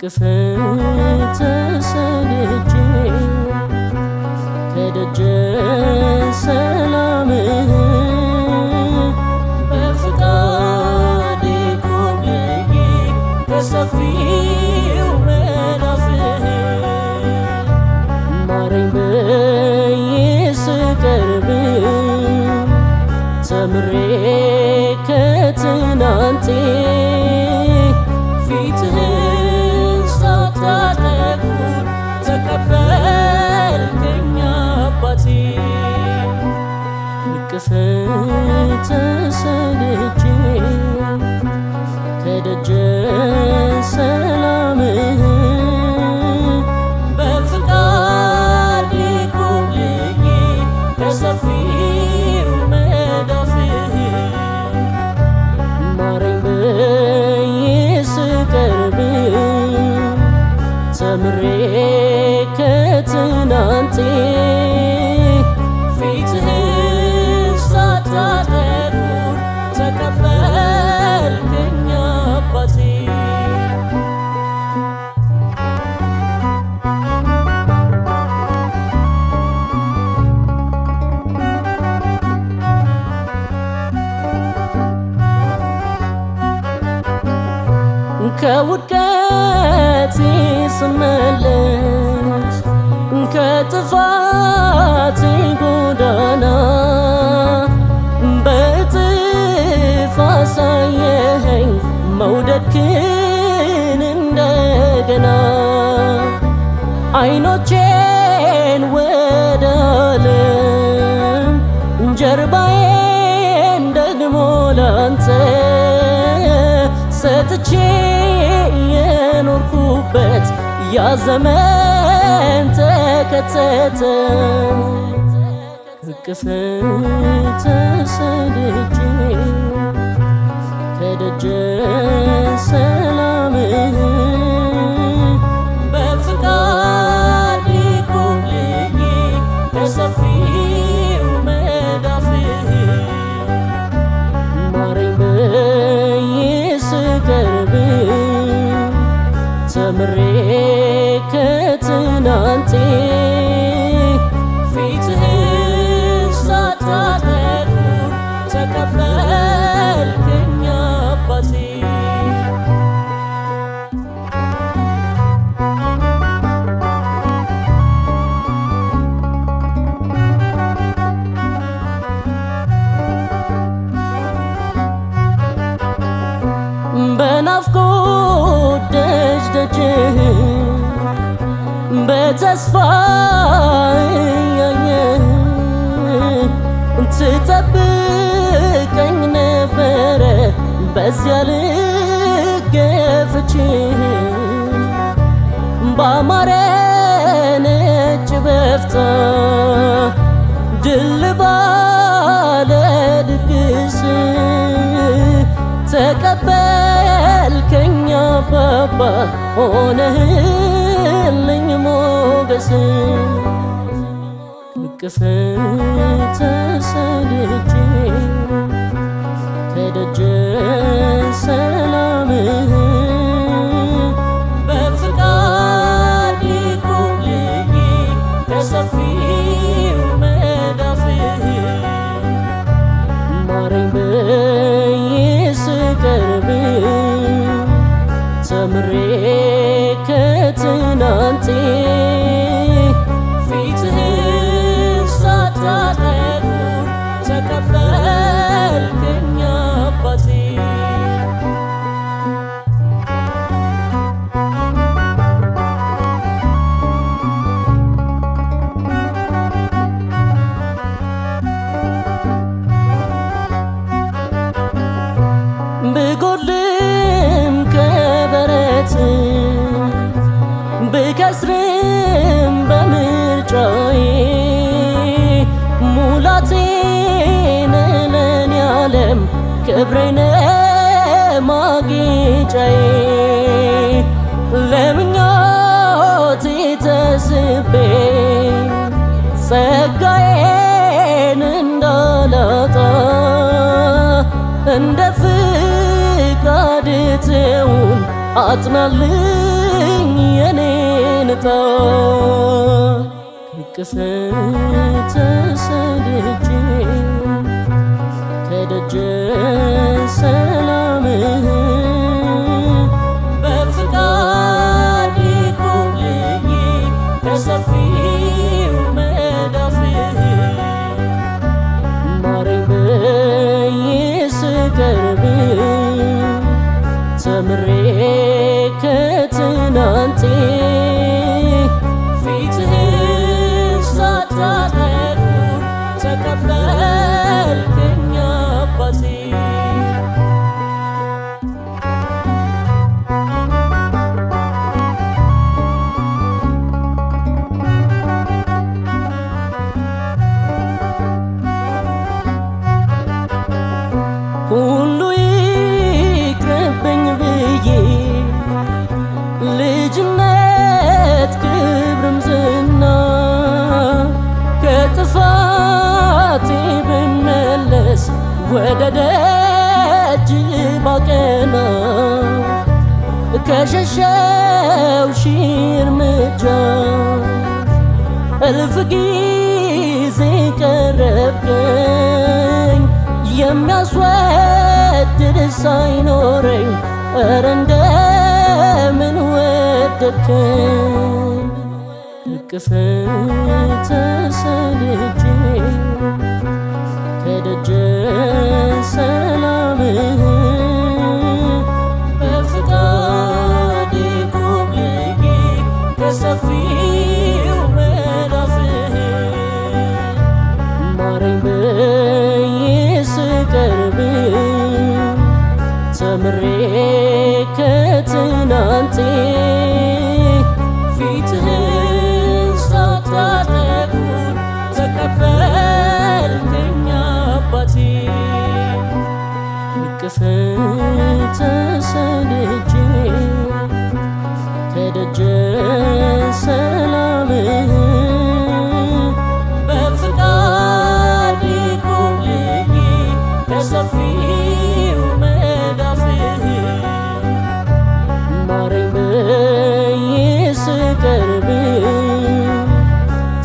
ቅፍ ተሰልጄ ከደጀ ሰላምህ በፍቃድ ቆሜ በሰፊው መዳፍህ ማረኝ ብዬ ስቀርብ ተምሬ ከትናንቴ ከውድቀት ስመለስ ከጥፋት ጎዳና በእጥፍ አሳየኸኝ መውደድክን እንደገና አይኖቼን ወደ ዓለም ጀርባዬን ደግሞ ላንተ ሰጥቼ የኖርኩበት ያ ዘመን ተከተተ። እቅፍህ ተሰደጄ ከደጀ ሰምሬ ከትናንቴ ተስፋ ትጠብቀኝ ነበረ በዚያ ልገፍች ባማረ ነጭ በፍታ ድልባ አባባ ሆነህልኝ ሞገስ እቅፍህ ተሰንጄ ከደጀ ሰላምህ በፍቃድ ኩልኝ ከሰፊው መዳፍህ ማረኝ ብዬ ተምሬ ከትናንቴ አልከስርም በምርጫዬ ሙላቴን ለኔ ዓለም ክብሬነ ማጌጫዬ ለምኞቴ ተስቤ ጸጋዬን እንዳላጣ እንደ ፍቃድ አጥናልኝ ሳጣ ቅስት ተሰድጄ ከደጀ ሰላምህ በፍቃድ ኩልኝ ከሰፊው መዳፍህ ማረኝ ተምሬ Jakarta ወደ ደጅ ማቀና ከሸሸው ሺህ እርምጃ እልፍ ጊዜ ቀረብኝ የሚያስወድድ ሳይኖረኝ እረ እንደምን ወደድከኝ ቅስት ተሰልጄ sana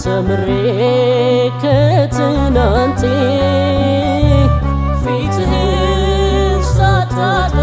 ተምሬ ከትናንቴ ፊትህን ሳታጠ